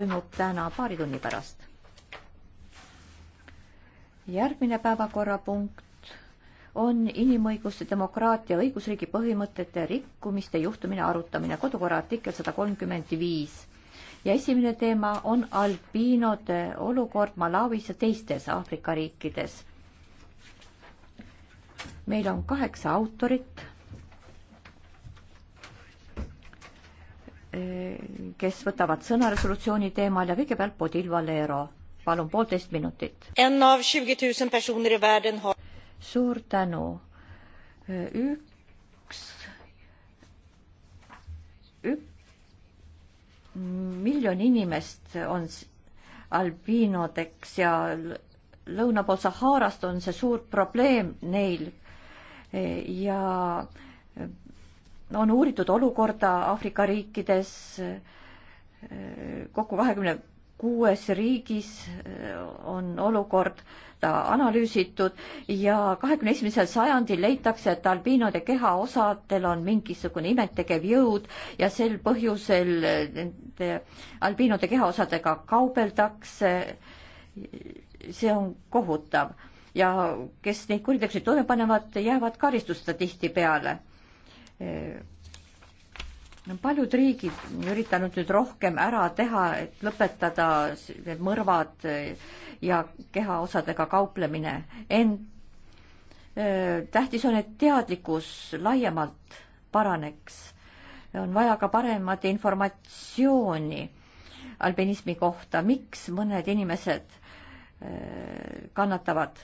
toimub täna paari tunni pärast. järgmine päevakorrapunkt on inimõiguste, demokraatia, õigusriigi põhimõtete rikkumiste juhtumine arutamine, kodukorra artikkel sada kolmkümmend viis. ja esimene teema on albiinode olukord Malawis ja teistes Aafrika riikides. meil on kaheksa autorit kes võtavad sõna resolutsiooni teemal ja kõigepealt Bodil Valero. palun, poolteist minutit. suur tänu. üks, üks miljon inimest on albiinodeks ja lõuna pool Saharast on see suur probleem neil ja on uuritud olukorda Aafrika riikides kokku kahekümne kuues riigis on olukorda analüüsitud ja kahekümne esimesel sajandil leitakse, et albiinode kehaosadel on mingisugune imetegev jõud ja sel põhjusel nende albiinode kehaosadega kaubeldakse. see on kohutav ja kes neid kuritegusid toime panevad, jäävad karistuseta tihtipeale paljud riigid on üritanud nüüd rohkem ära teha, et lõpetada need mõrvad ja kehaosadega kauplemine, ent tähtis on, et teadlikkus laiemalt paraneks. on vaja ka paremat informatsiooni albinismi kohta, miks mõned inimesed kannatavad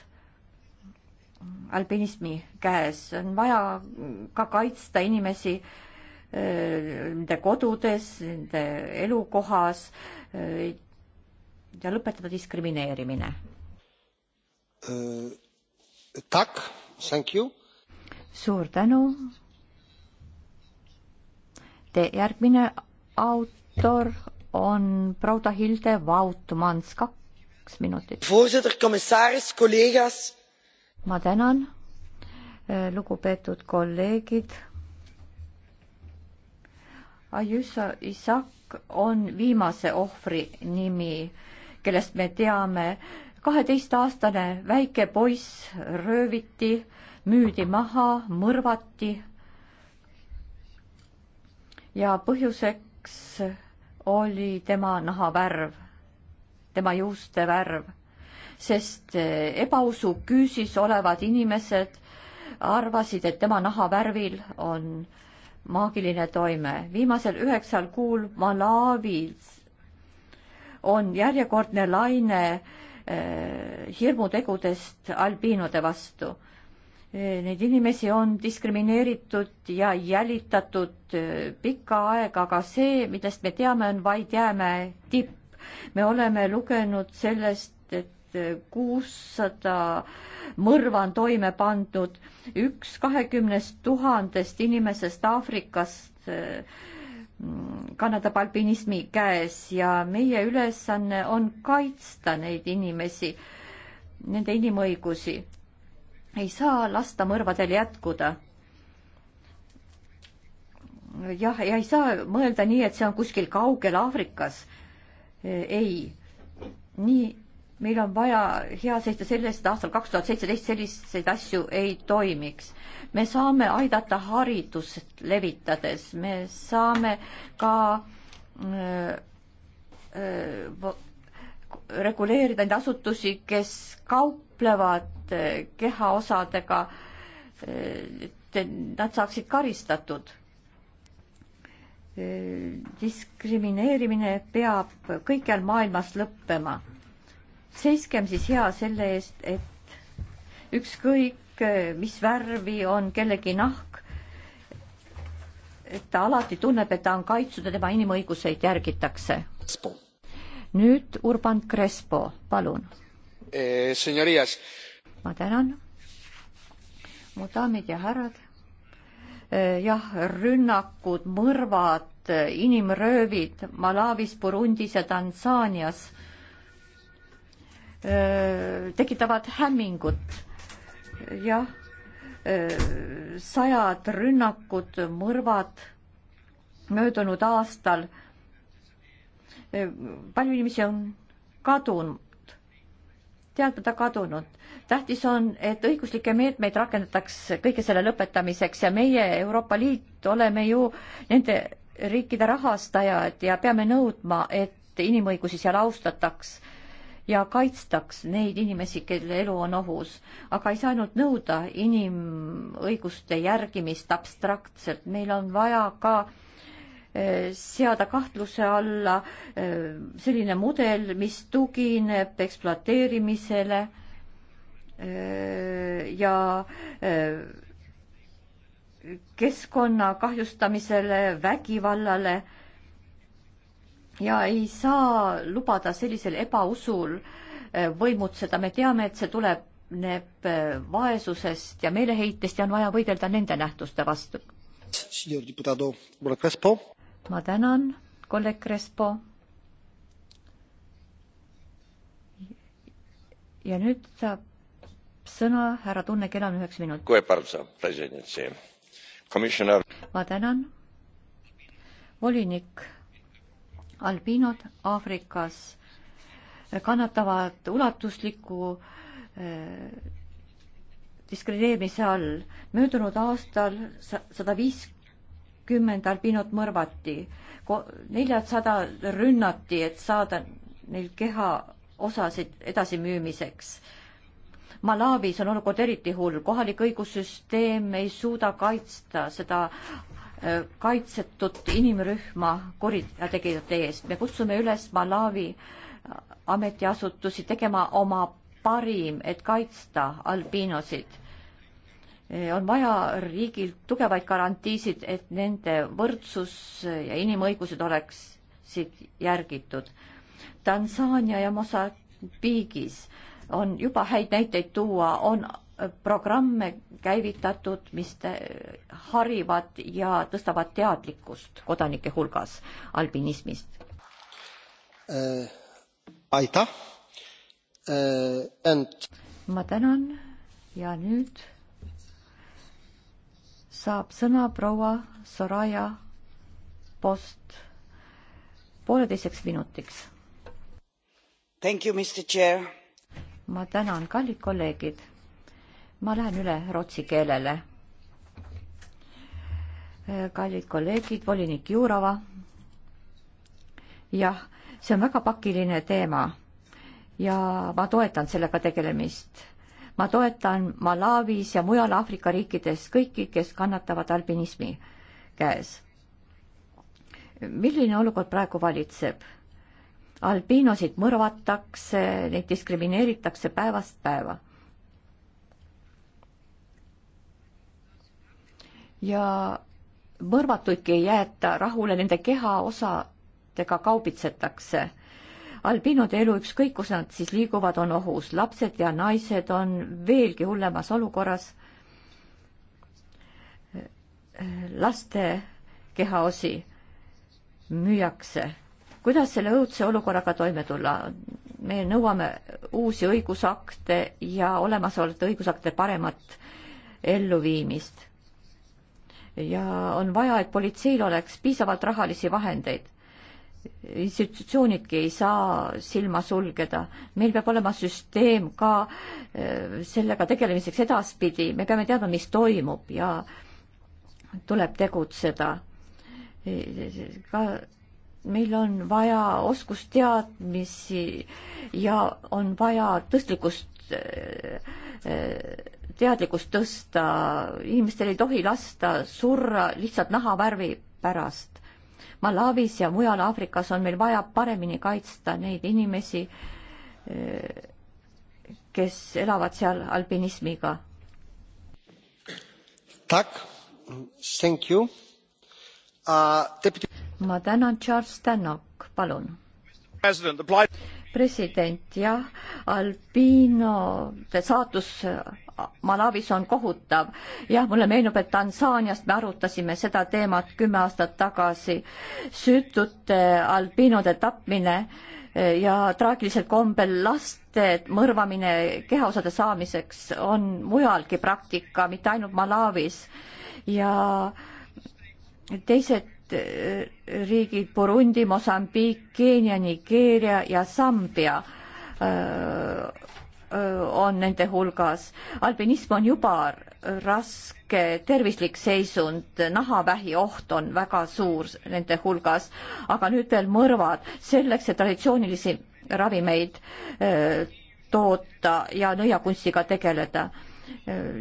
alpinismi käes, on vaja ka kaitsta inimesi eh, nende kodudes, nende elukohas eh, ja lõpetada diskrimineerimine. Eh, tak, thank you. suur tänu. Te järgmine autor on Prouda Hilde Vautmans, kaks minutit. voorzitter, commissaris, kolleegas ma tänan, äh, lugupeetud kolleegid. Ajusa Isak on viimase ohvri nimi, kellest me teame. kaheteistaastane väike poiss rööviti, müüdi maha, mõrvati. ja põhjuseks oli tema nahavärv, tema juuste värv sest eh, ebausu küüsis olevad inimesed arvasid, et tema nahavärvil on maagiline toime. viimasel üheksal kuul Malawis on järjekordne laine eh, hirmutegudest albiinode vastu. Eh, neid inimesi on diskrimineeritud ja jälitatud pikka aega, aga see, millest me teame, on vaid jäämäe tipp. me oleme lugenud sellest, et kuussada mõrva on toime pandud, üks kahekümnest tuhandest inimesest Aafrikast mm, kannatab alpinismi käes ja meie ülesanne on kaitsta neid inimesi, nende inimõigusi. ei saa lasta mõrvadel jätkuda jah, ja ei saa mõelda nii, et see on kuskil kaugel Aafrikas. ei, nii meil on vaja hea seista selle eest, et aastal kaks tuhat seitseteist selliseid asju ei toimiks. me saame aidata haridust levitades, me saame ka öö, äh, öö, äh, reguleerida neid asutusi, kes kauplevad äh, kehaosadega, et nad saaksid karistatud. diskrimineerimine peab kõikjal maailmas lõppema seiskem siis hea selle eest, et ükskõik eh, mis värvi on kellegi nahk, et ta alati tunneb, et ta on kaitstud ja tema inimõiguseid järgitakse. nüüd Urban Crespo, palun eh,. ma tänan. mu daamid ja härrad eh, jah, rünnakud, mõrvad, eh, inimröövid Malawis, Burundis ja Tansaanias Äh, tekitavad hämmingut. jah, äh, sajad rünnakud, mõrvad möödunud aastal. Äh, palju inimesi on kadunud, teadmata kadunud. tähtis on, et õiguslikke meetmeid rakendatakse kõige selle lõpetamiseks ja meie, Euroopa Liit, oleme ju nende riikide rahastajad ja peame nõudma, et inimõigusi seal austataks ja kaitstaks neid inimesi, kelle elu on ohus. aga ei saa ainult nõuda inimõiguste järgimist abstraktselt, meil on vaja ka eh, seada kahtluse alla eh, selline mudel, mis tugineb ekspluateerimisele eh, ja keskkonna kahjustamisele, vägivallale ja ei saa lubada sellisel ebausul eh, võimutseda, me teame, et see tuleneb eh, vaesusest ja meeleheitest ja on vaja võidelda nende nähtuste vastu. ma tänan, kolleeg Crespo. ja nüüd saab sõna härra Tunne, kellel on üheks minutiks. ma tänan, volinik albiinod Aafrikas kannatavad ulatusliku eh, diskrimineerimise all. möödunud aastal sada viiskümmend albiinot mõrvati, neljasada rünnati, et saada neil kehaosasid edasimüümiseks. Malawis on olukord eriti hull, kohalik õigussüsteem ei suuda kaitsta seda kaitsetud inimrühma kurjategijate eest. me kutsume üles Malawi ametiasutusi tegema oma parim, et kaitsta albiinosid. on vaja riigilt tugevaid garantiisid, et nende võrdsus ja inimõigused oleksid järgitud. Tansaania ja Mosambiigis on juba häid näiteid tuua, on programme käivitatud, mis harivad ja tõstavad teadlikkust kodanike hulgas albinismist äh,? aitäh äh,! And... ma tänan ja nüüd saab sõna proua Soraya Post pooleteiseks minutiks. ma tänan, kallid kolleegid ma lähen üle rootsi keelele. kallid kolleegid, volinik Jurova. jah, see on väga pakiline teema ja ma toetan sellega tegelemist. ma toetan Malawis ja mujal Aafrika riikides kõiki, kes kannatavad albinismi käes. milline olukord praegu valitseb? albiinosid mõrvatakse, neid diskrimineeritakse päevast päeva ja mõrvatuidki ei jäeta rahule, nende kehaosadega kaubitsetakse. albiinode elu, ükskõik kus nad siis liiguvad, on ohus, lapsed ja naised on veelgi hullemas olukorras. laste kehaosi müüakse. kuidas selle õudse olukorraga toime tulla? me nõuame uusi õigusakte ja olemasolevate õigusakte paremat elluviimist ja on vaja, et politseil oleks piisavalt rahalisi vahendeid. institutsioonidki ei saa silma sulgeda, meil peab olema süsteem ka äh, sellega tegelemiseks edaspidi, me peame teadma, mis toimub ja tuleb tegutseda. ka meil on vaja oskusteadmisi ja on vaja tõstlikkust äh, äh, teadlikkust tõsta, inimestel ei tohi lasta surra lihtsalt nahavärvi pärast. Malawis ja mujal Aafrikas on meil vaja paremini kaitsta neid inimesi, kes elavad seal alpinismiga. Uh, deputy... ma tänan, Charles Tannock, palun president jah, albiinode saatus Malawis on kohutav. jah, mulle meenub, et Tansaaniast me arutasime seda teemat kümme aastat tagasi. süütute albiinode tapmine eh, ja traagilisel kombel laste mõrvamine kehaosade saamiseks on mujalgi praktika, mitte ainult Malawis ja teised eh, riigid Burundi, Mosambiik, Keenia, Nigeeria ja Sambia öö, eh, Äh, on nende hulgas. albinism on juba raske tervislik seisund, nahavähi oht on väga suur nende hulgas, aga nüüd veel mõrvad, selleks, et traditsioonilisi ravimeid äh, toota ja nõiakunstiga tegeleda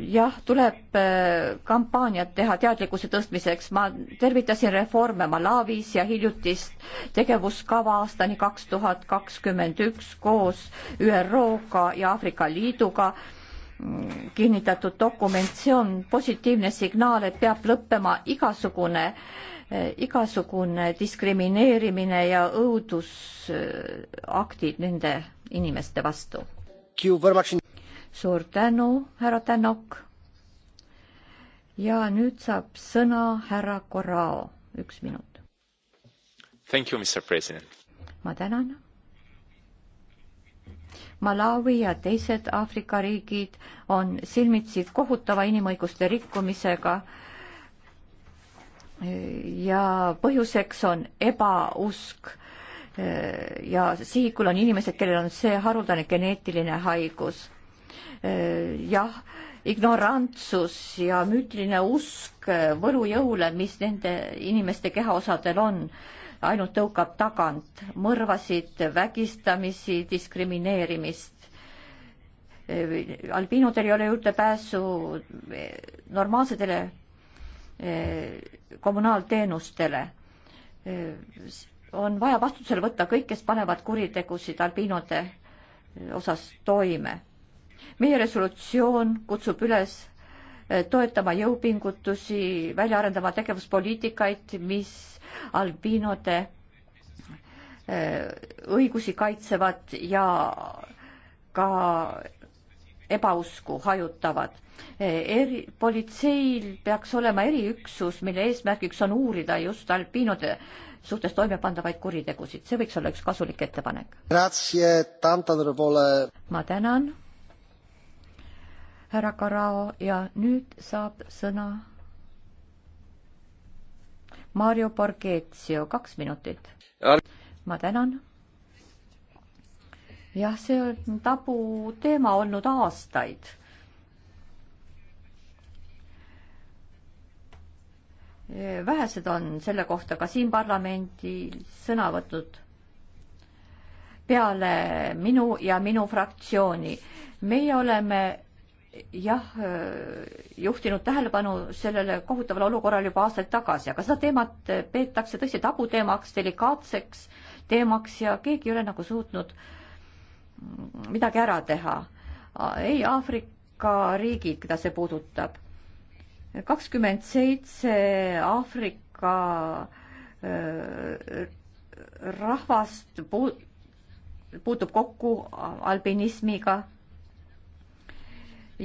jah, tuleb äh, kampaaniat teha teadlikkuse tõstmiseks. ma tervitasin reforme Malawis ja hiljutist tegevuskava aastani kaks tuhat kakskümmend üks koos ÜRO-ga ja Aafrika Liiduga mm, kinnitatud dokument, see on positiivne signaal, et peab lõppema igasugune, äh, igasugune diskrimineerimine ja õudusaktid äh, nende inimeste vastu suur tänu, härra Tänok. ja nüüd saab sõna härra Corrao, üks minut. Thank you, Mr President. ma tänan. Malawi ja teised Aafrika riigid on silmitsi kohutava inimõiguste rikkumisega ja põhjuseks on ebausk ja sihikul on inimesed, kellel on see haruldane geneetiline haigus jah, ignorantsus ja müütiline usk võlujõule, mis nende inimeste kehaosadel on, ainult tõukab tagant mõrvasid, vägistamisi, diskrimineerimist. albiinudel ei ole juurdepääsu normaalsetele eh, kommunaalteenustele. Eh, on vaja vastutusele võtta kõik, kes panevad kuritegusid albiinode osas toime meie resolutsioon kutsub üles eh, toetama jõupingutusi, välja arendama tegevuspoliitikaid, mis albiinode eh, õigusi kaitsevad ja ka ebausku hajutavad. Eh, eri, politseil peaks olema eriüksus, mille eesmärgiks on uurida just albiinode suhtes toime pandavaid kuritegusid, see võiks olla üks kasulik ettepanek. ma tänan härra Karao ja nüüd saab sõna Mario Borghezio, kaks minutit. ma tänan. jah, see on tabuteema olnud aastaid. vähesed on selle kohta ka siin parlamendil sõna võtnud peale minu ja minu fraktsiooni. meie oleme jah, juhtinud tähelepanu sellele kohutavale olukorrale juba aastaid tagasi, aga seda teemat peetakse tõesti tabuteemaks, delikaatseks teemaks ja keegi ei ole nagu suutnud midagi ära teha. ei Aafrika riigid, keda see puudutab. kakskümmend seitse Aafrika äh, rahvast puutub kokku albinismiga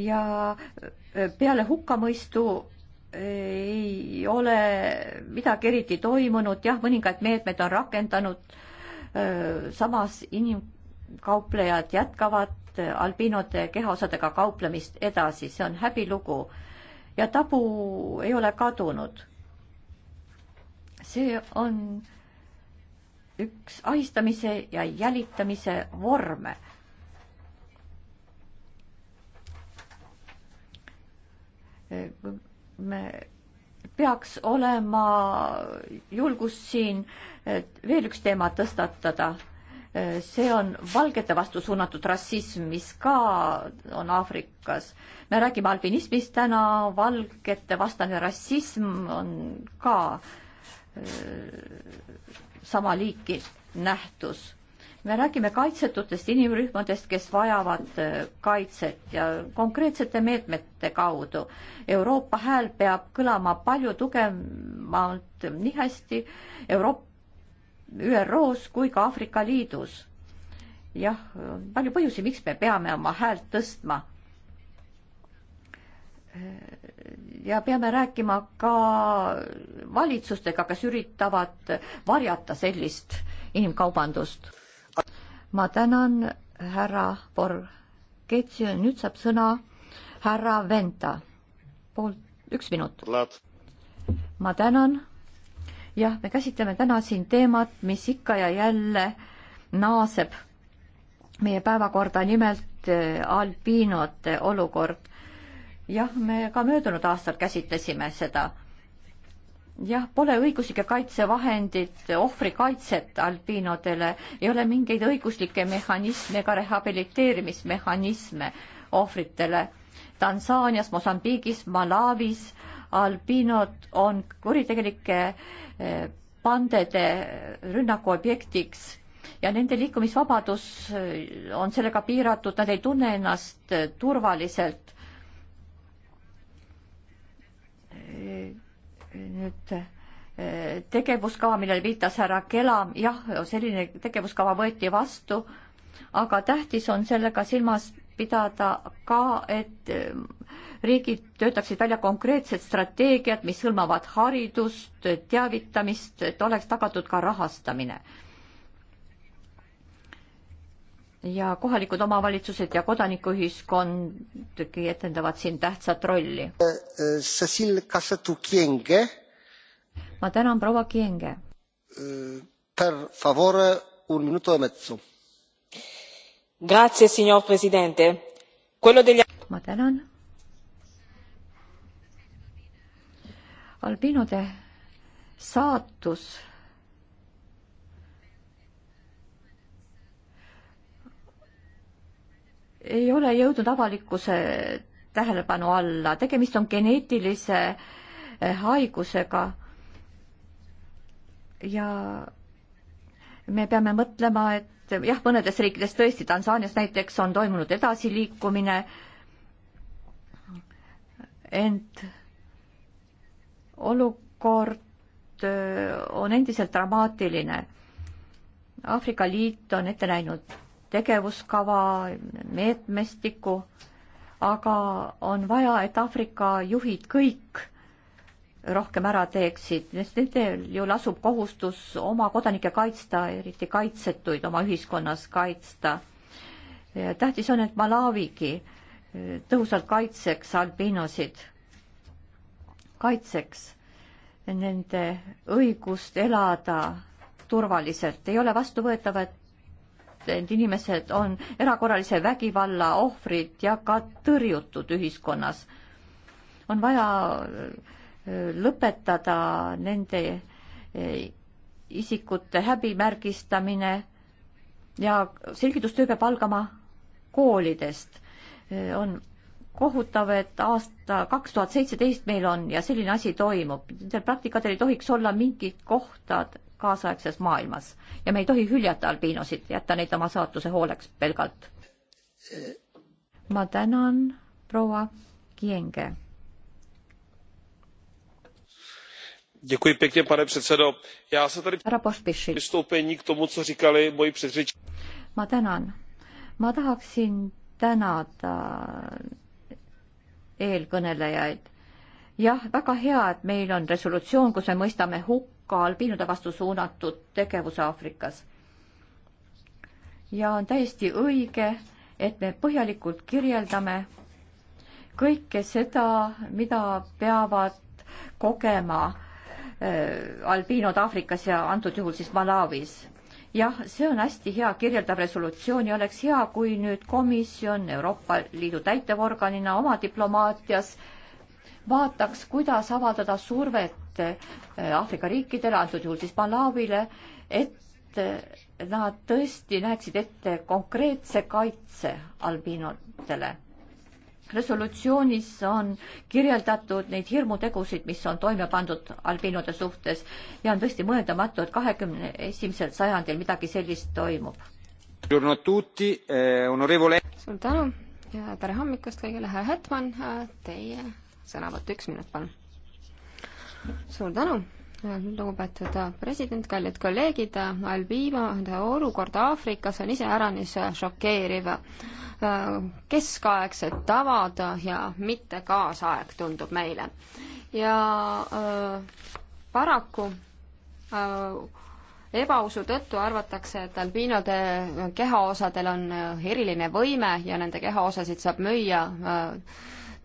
ja e, peale hukkamõistu ei ole midagi eriti toimunud, jah, mõningad meetmed on rakendanud, e, samas inimkauplejad jätkavad albiinode kehaosadega kauplemist edasi, see on häbilugu ja tabu ei ole kadunud. see on üks ahistamise ja jälitamise vorme me peaks olema julgust siin veel üks teema tõstatada. see on valgete vastu suunatud rassism, mis ka on Aafrikas. me räägime albinismist täna, valgete vastane rassism on ka äh, sama liiki nähtus me räägime kaitsetutest inimrühmadest, kes vajavad äh, kaitset ja konkreetsete meetmete kaudu. Euroopa hääl peab kõlama palju tugevamalt äh, nii hästi Euroop-, ÜRO-s kui ka Aafrika Liidus. jah, palju põhjusi, miks me peame oma häält tõstma. Äh, ja peame rääkima ka valitsustega, kes üritavad varjata sellist inimkaubandust ma tänan, härra Borgetsi, nüüd saab sõna härra Venta. poolt üks minut. ma tänan. jah, me käsitleme täna siin teemat, mis ikka ja jälle naaseb meie päevakorda, nimelt äh, albiinode olukord. jah, me ka möödunud aastal käsitlesime seda jah, pole õiguslikke kaitsevahendid, ohvrikaitset albiinodele, ei ole mingeid õiguslikke mehhanisme ega rehabiliteerimismehhanisme ohvritele. Tansaanias, Mosambiigis, Malawis albiinod on kuritegelike eh, pandede rünnaku objektiks ja nende liikumisvabadus eh, on sellega piiratud, nad ei tunne ennast eh, turvaliselt nüüd eh, tegevuskava, millele viitas härra Kelam, jah, selline tegevuskava võeti vastu, aga tähtis on sellega silmas pidada ka, et eh, riigid töötaksid välja konkreetsed strateegiad, mis hõlmavad haridust, teavitamist, et oleks tagatud ka rahastamine. ja kohalikud omavalitsused ja kodanikuühiskond etendavad siin tähtsat rolli. Eh, Cecil Kassetu-Kienge ma tänan proua Kienge. Per favore un minuto e mezzo. Grazie signor presidente. Quello degli... ma tänan. albiinode saatus ei ole jõudnud avalikkuse tähelepanu alla, tegemist on geneetilise eh, haigusega ja me peame mõtlema, et jah, mõnedes riikides tõesti, Tansaanias näiteks on toimunud edasiliikumine, ent olukord äh, on endiselt dramaatiline. Aafrika Liit on ette näinud tegevuskava, meetmestiku, aga on vaja, et Aafrika juhid kõik rohkem ära teeksid, sest nendel ju lasub kohustus oma kodanikke kaitsta, eriti kaitsetuid oma ühiskonnas kaitsta. tähtis on, et Malawigi e, tõhusalt kaitseks albiinosid, kaitseks nende õigust elada turvaliselt, ei ole vastuvõetav, et need inimesed on erakorralise vägivalla ohvrid ja ka tõrjutud ühiskonnas. on vaja lõpetada nende e, isikute häbimärgistamine ja selgitustöö peab algama koolidest. E, on kohutav, et aasta kaks tuhat seitseteist meil on ja selline asi toimub. Nendel praktikatel ei tohiks olla mingit kohta kaasaegses maailmas ja me ei tohi hüljata albiinosid, jätta neid oma saatuse hooleks pelgalt. ma tänan, proua Kienge pane předsedající já se tady připojuji k tomu co říkali moji předřečníci. ma tahaksin tänada äh, eelkõnelejaid. jah väga hea et meil on resolutsioon kus me mõistame hukka albiinude vastu suunatud tegevuse aafrikas. ja on täiesti õige et me põhjalikult kirjeldame kõike seda mida peavad kogema Äh, albiinod Aafrikas ja antud juhul siis Malawis jah, see on hästi hea kirjeldav resolutsioon ja oleks hea, kui nüüd komisjon Euroopa Liidu täitevorganina oma diplomaatias vaataks, kuidas avaldada survet äh, Aafrika riikidele, antud juhul siis Malawile, et äh, nad tõesti näeksid ette konkreetse kaitse albiinodele resolutsioonis on kirjeldatud neid hirmutegusid, mis on toime pandud albiinode suhtes ja on tõesti mõeldamatu, et kahekümne esimesel sajandil midagi sellist toimub. Eh, suur tänu ja tere hommikust kõigile, härra Hetman, eh, teie sõnavõtt üks minut, palun. suur tänu lugupeetud president, kallid kolleegid, Albiima olukord Aafrikas on iseäranis šokeeriv. keskaegsed tavad ja mitte kaasaeg, tundub meile. ja äh, paraku äh, ebausu tõttu arvatakse, et albiinode kehaosadel on eriline võime ja nende kehaosasid saab müüa äh,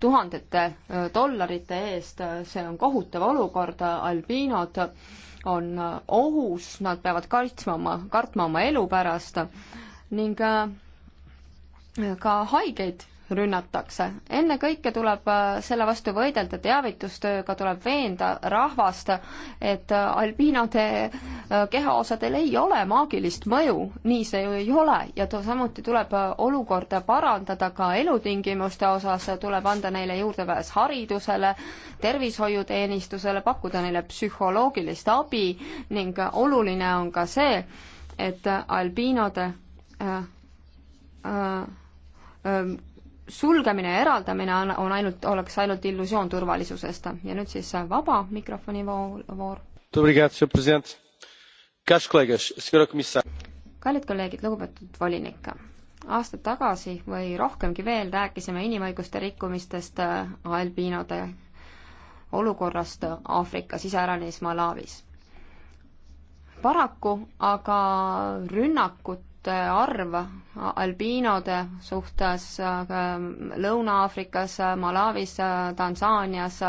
tuhandete dollarite eest, see on kohutav olukord, albiinod on ohus, nad peavad kaitsma oma, kartma oma elu pärast ning ka haigeid rünnatakse. ennekõike tuleb äh, selle vastu võidelda teavitustööga, tuleb veenda rahvast, et äh, albiinode äh, kehaosadel ei ole maagilist mõju, nii see ju ei ole, ja samuti tuleb olukorda parandada ka elutingimuste osas, tuleb anda neile juurdepääs haridusele, tervishoiuteenistusele, pakkuda neile psühholoogilist abi ning oluline on ka see, et albiinode äh, äh, äh, sulgemine ja eraldamine on, on ainult, oleks ainult illusioon turvalisusest. ja nüüd siis vaba mikrofoni voor. kallid kolleegid, lugupeetud volinik, aastaid tagasi või rohkemgi veel rääkisime inimõiguste rikkumistest äh, albiinode olukorrast Aafrikas, iseäranis Malawis. paraku aga rünnakut surmade äh, arv albiinode suhtes ähm, Lõuna-Aafrikas, äh, Malawis, äh, Tansaanias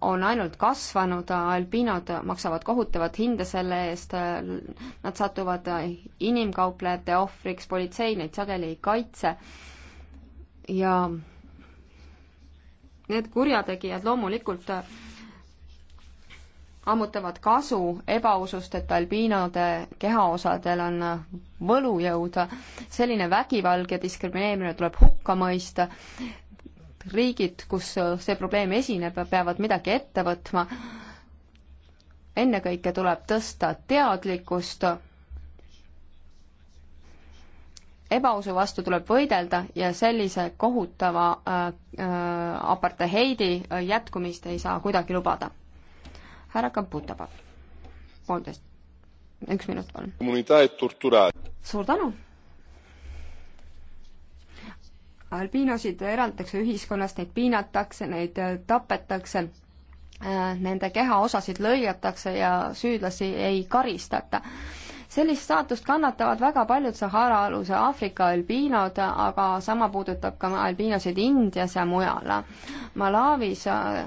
on ainult kasvanud, albiinod maksavad kohutavat hinda selle eest, nad satuvad inimkauplejate ohvriks, politsei neid sageli ei kaitse ja need kurjategijad loomulikult ammutavad kasu ebausust, et albiinode kehaosadel on võlujõud. selline vägivald ja diskrimineerimine tuleb hukka mõista. riigid, kus see probleem esineb, peavad midagi ette võtma. ennekõike tuleb tõsta teadlikkust. ebausu vastu tuleb võidelda ja sellise kohutava äh, äh, apartheidi jätkumist ei saa kuidagi lubada härra Kaputa, palun. poolteist, üks minut, palun. suur tänu. albiinosid eraldatakse ühiskonnast, neid piinatakse, neid äh, tapetakse äh, nende kehaosasid lõigatakse ja süüdlasi ei karistata. sellist staatust kannatavad väga paljud Sahara-aluse Aafrika albiinod, aga sama puudutab ka albiinosid Indias ja mujal. Malawis äh,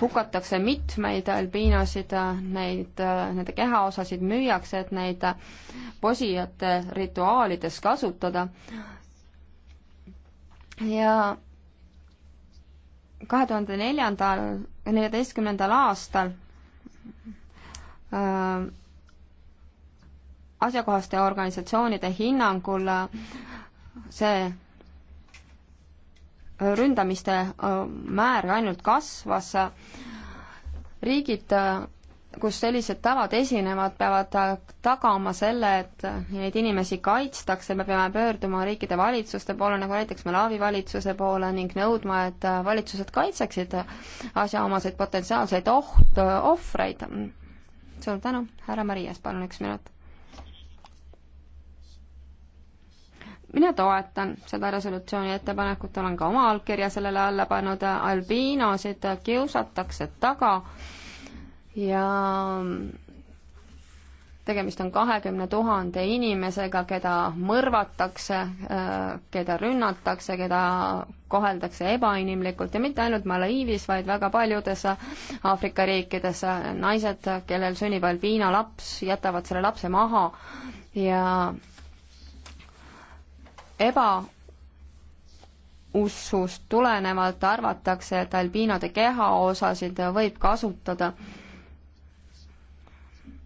hukatakse mitmeid albiinosid, neid, nende kehaosasid müüakse, et neid posijate rituaalides kasutada. ja kahe tuhande neljandal, neljateistkümnendal aastal äh, asjakohaste organisatsioonide hinnangul äh, see ründamiste äh, määr ainult kasvas. riigid, äh, kus sellised tavad esinevad, peavad äh, tagama selle, et neid inimesi kaitstakse, me peame pöörduma riikide valitsuste poole, nagu näiteks Malawi valitsuse poole ning nõudma, et valitsused kaitseksid asjaomaseid potentsiaalseid oht, ohvreid. suur tänu, härra Marias, palun üks minut mina toetan seda resolutsiooni ettepanekut, olen ka oma allkirja sellele alla pannud, albiinosid kiusatakse taga ja tegemist on kahekümne tuhande inimesega, keda mõrvatakse, keda rünnatakse, keda koheldakse ebainimlikult ja mitte ainult Malaiivis, vaid väga paljudes Aafrika riikides. naised, kellel sünnib albiina laps, jätavad selle lapse maha ja ebaussust tulenevalt arvatakse, et albiinode kehaosasid võib kasutada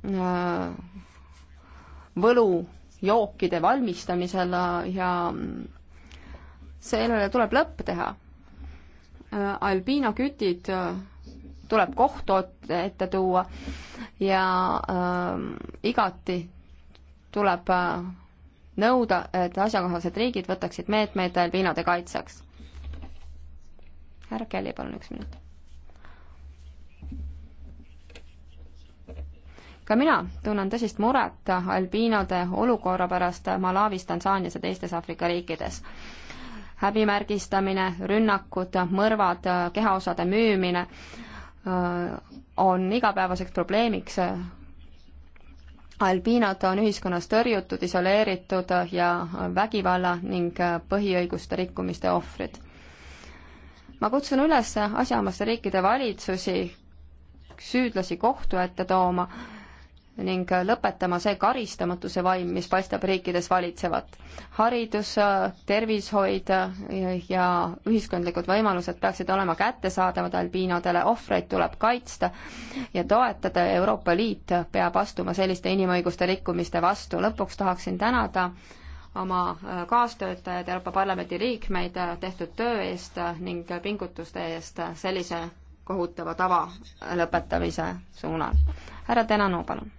äh, võlujookide valmistamisel ja sellele tuleb lõpp teha. Äh, albiinokütid äh, tuleb kohtu ette tuua ja äh, igati tuleb äh, nõuda, et asjakohased riigid võtaksid meetmeid delfiinade kaitseks. härra Kelly, palun üks minut. ka mina tunnen tõsist muret albiinode olukorra pärast Malawis, Tansaanias ja teistes Aafrika riikides häbimärgistamine, rünnakud, mõrvad, kehaosade müümine äh, on igapäevaseks probleemiks albiinod on ühiskonnas tõrjutud, isoleeritud ja vägivalla ning põhiõiguste rikkumiste ohvrid. ma kutsun üles asjaomaste riikide valitsusi süüdlasi kohtu ette tooma ning lõpetama see karistamatuse vaim, mis paistab riikides valitsevat. haridus, tervishoid ja ühiskondlikud võimalused peaksid olema kättesaadavad albiinodele, ohvreid tuleb kaitsta ja toetada ja Euroopa Liit peab astuma selliste inimõiguste rikkumiste vastu. lõpuks tahaksin tänada oma kaastöötajaid, Euroopa Parlamendi liikmeid tehtud töö eest ning pingutuste eest sellise kohutava tava lõpetamise suunal. härra Tenano, palun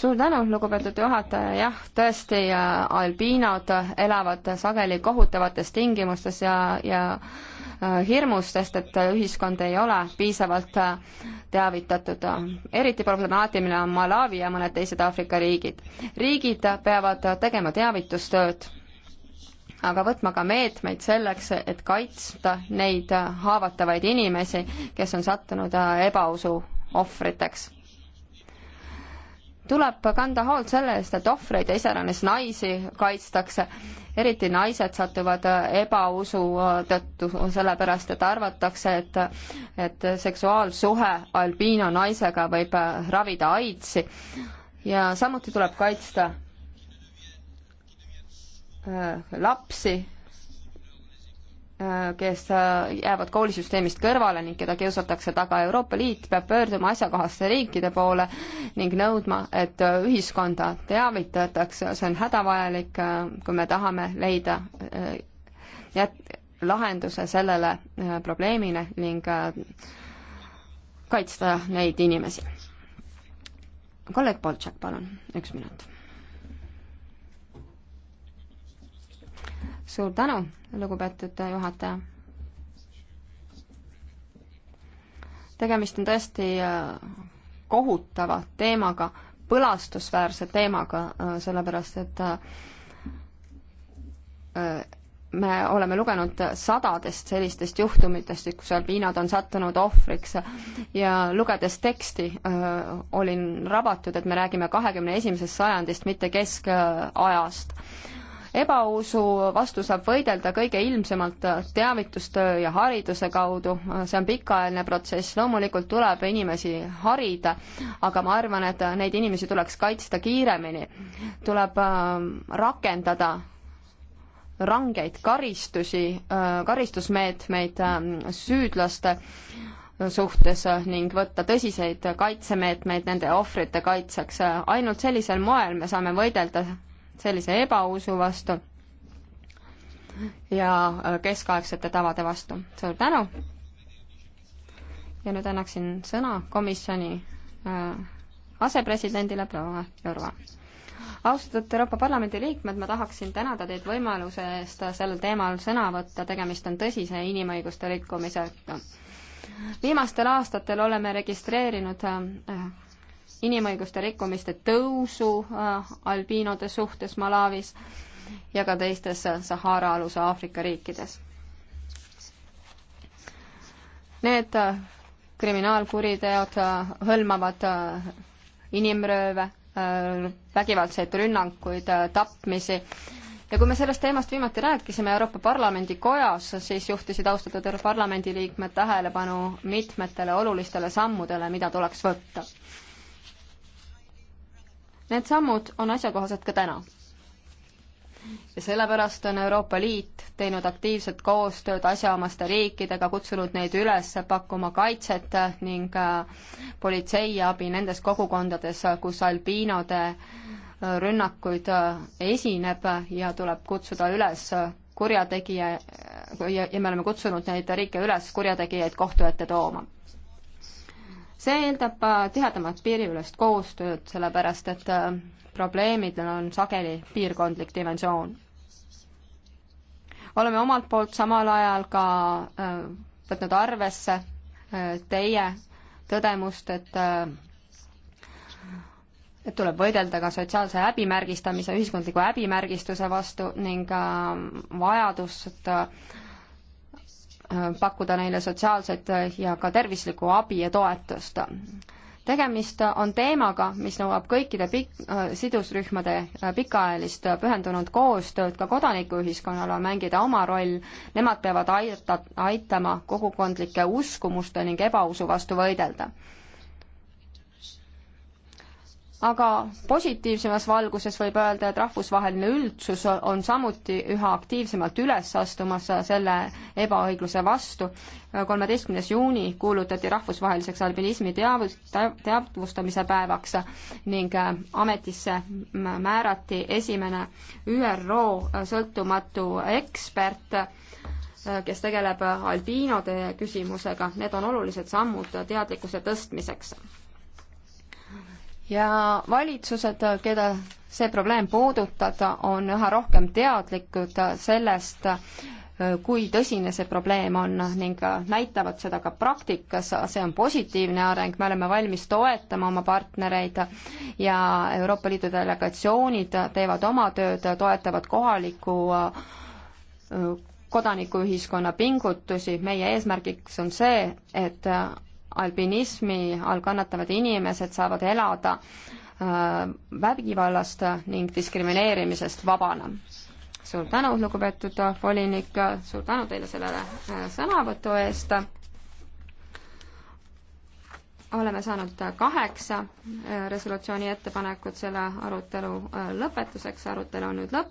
suur tänu, lugupeetud juhataja, jah, tõesti, äh, albiinod elavad sageli kohutavates tingimustes ja, ja äh, hirmus, sest et ühiskond ei ole piisavalt äh, teavitatud. eriti problemaatiline on Malawi ja mõned teised Aafrika riigid. riigid peavad tegema teavitustööd, aga võtma ka meetmeid selleks, et kaitsta neid haavatavaid inimesi, kes on sattunud ebausu ohvriteks tuleb kanda hoolt selle eest, et ohvreid ja iseäranis naisi kaitstakse, eriti naised satuvad äh, ebausu äh, tõttu, sellepärast et arvatakse, et et seksuaalsuhe albiino naisega võib äh, ravida aidsi ja samuti tuleb kaitsta lapsi kes äh, jäävad koolisüsteemist kõrvale ning keda kiusatakse taga. Euroopa Liit peab pöörduma asjakohaste riikide poole ning nõudma, et äh, ühiskonda teavitatakse, see on hädavajalik, äh, kui me tahame leida jät-, lahenduse sellele probleemile ning kaitsta neid inimesi. kolleeg Boltšak, palun, üks minut suur tänu, lugupeetud juhataja. tegemist on tõesti äh, kohutava teemaga, põlastusväärse teemaga, äh, sellepärast et äh, me oleme lugenud sadadest sellistest juhtumitest, kus albiinad on sattunud ohvriks ja lugedes teksti öö, olin rabatud, et me räägime kahekümne esimesest sajandist, mitte keskajast ebausu vastu saab võidelda kõige ilmsemalt teavitustöö ja hariduse kaudu, see on pikaajaline protsess, loomulikult tuleb inimesi harida, aga ma arvan, et neid inimesi tuleks kaitsta kiiremini. tuleb ähm, rakendada rangeid karistusi, äh, karistusmeetmeid ähm, süüdlaste suhtes ning võtta tõsiseid kaitsemeetmeid nende ohvrite kaitseks. ainult sellisel moel me saame võidelda sellise ebausu vastu ja äh, keskaegsete tavade vastu. suur tänu! ja nüüd annaksin sõna komisjoni äh, asepresidendile proua Jurva. austatud Euroopa Parlamendi liikmed, ma tahaksin tänada teid võimaluse eest sellel teemal sõna võtta, tegemist on tõsise inimõiguste rikkumisega. viimastel aastatel oleme registreerinud äh, inimõiguste rikkumiste tõusu äh, albiinode suhtes Malawis ja ka teistes äh, Sahara-aluse Aafrika riikides. Need äh, kriminaalkuriteod hõlmavad inimrööve, vägivaldseid rünnakuid, tapmisi ja kui me sellest teemast viimati rääkisime Euroopa Parlamendi kojas, siis juhtisid austatud Euroopa Parlamendi liikmed tähelepanu mitmetele olulistele sammudele, mida tuleks võtta Need sammud on asjakohased ka täna. ja sellepärast on Euroopa Liit teinud aktiivset koostööd asjaomaste riikidega, kutsunud neid üles pakkuma kaitset ning äh, politseiabi nendes kogukondades, kus albiinode äh, rünnakuid äh, esineb ja tuleb kutsuda üles kurjategija ja, ja me oleme kutsunud neid riike üles kurjategijaid kohtu ette tooma see eeldab tihedamat piiriülest koostööd, sellepärast et äh, probleemidel on sageli piirkondlik dimensioon. oleme omalt poolt samal ajal ka äh, võtnud arvesse äh, teie tõdemust, et et tuleb võidelda ka sotsiaalse häbimärgistamise, ühiskondliku häbimärgistuse vastu ning vajadust Äh, pakkuda neile sotsiaalset äh, ja ka tervislikku abi ja toetust. tegemist on teemaga, mis nõuab kõikide pik-, äh, sidusrühmade pikaajalist pühendunud koostööd, ka kodanikuühiskonnal on mängida oma roll, nemad peavad aita, aitama kogukondlike uskumuste ning ebausu vastu võidelda aga positiivsemas valguses võib öelda, et rahvusvaheline üldsus on samuti üha aktiivsemalt üles astumas selle ebaõigluse vastu. kolmeteistkümnes juuni kuulutati rahvusvaheliseks albinismi teavus, teadvustamise päevaks ning ametisse määrati esimene ÜRO sõltumatu ekspert kes tegeleb albiinode küsimusega, need on olulised sammud teadlikkuse tõstmiseks ja valitsused, keda see probleem puudutab, on üha rohkem teadlikud sellest, kui tõsine see probleem on ning näitavad seda ka praktikas, see on positiivne areng, me oleme valmis toetama oma partnereid ja Euroopa Liidu delegatsioonid teevad oma tööd, toetavad kohalikku äh, kodanikuühiskonna pingutusi, meie eesmärgiks on see, et albinismi all kannatavad inimesed saavad elada äh, vägivallast ning diskrimineerimisest vabana. suur tänu, lugupeetud volinik, suur tänu teile sellele äh, sõnavõtu eest. oleme saanud kaheksa äh, resolutsiooni ettepanekut selle arutelu lõpetuseks, arutelu on nüüd lõpp.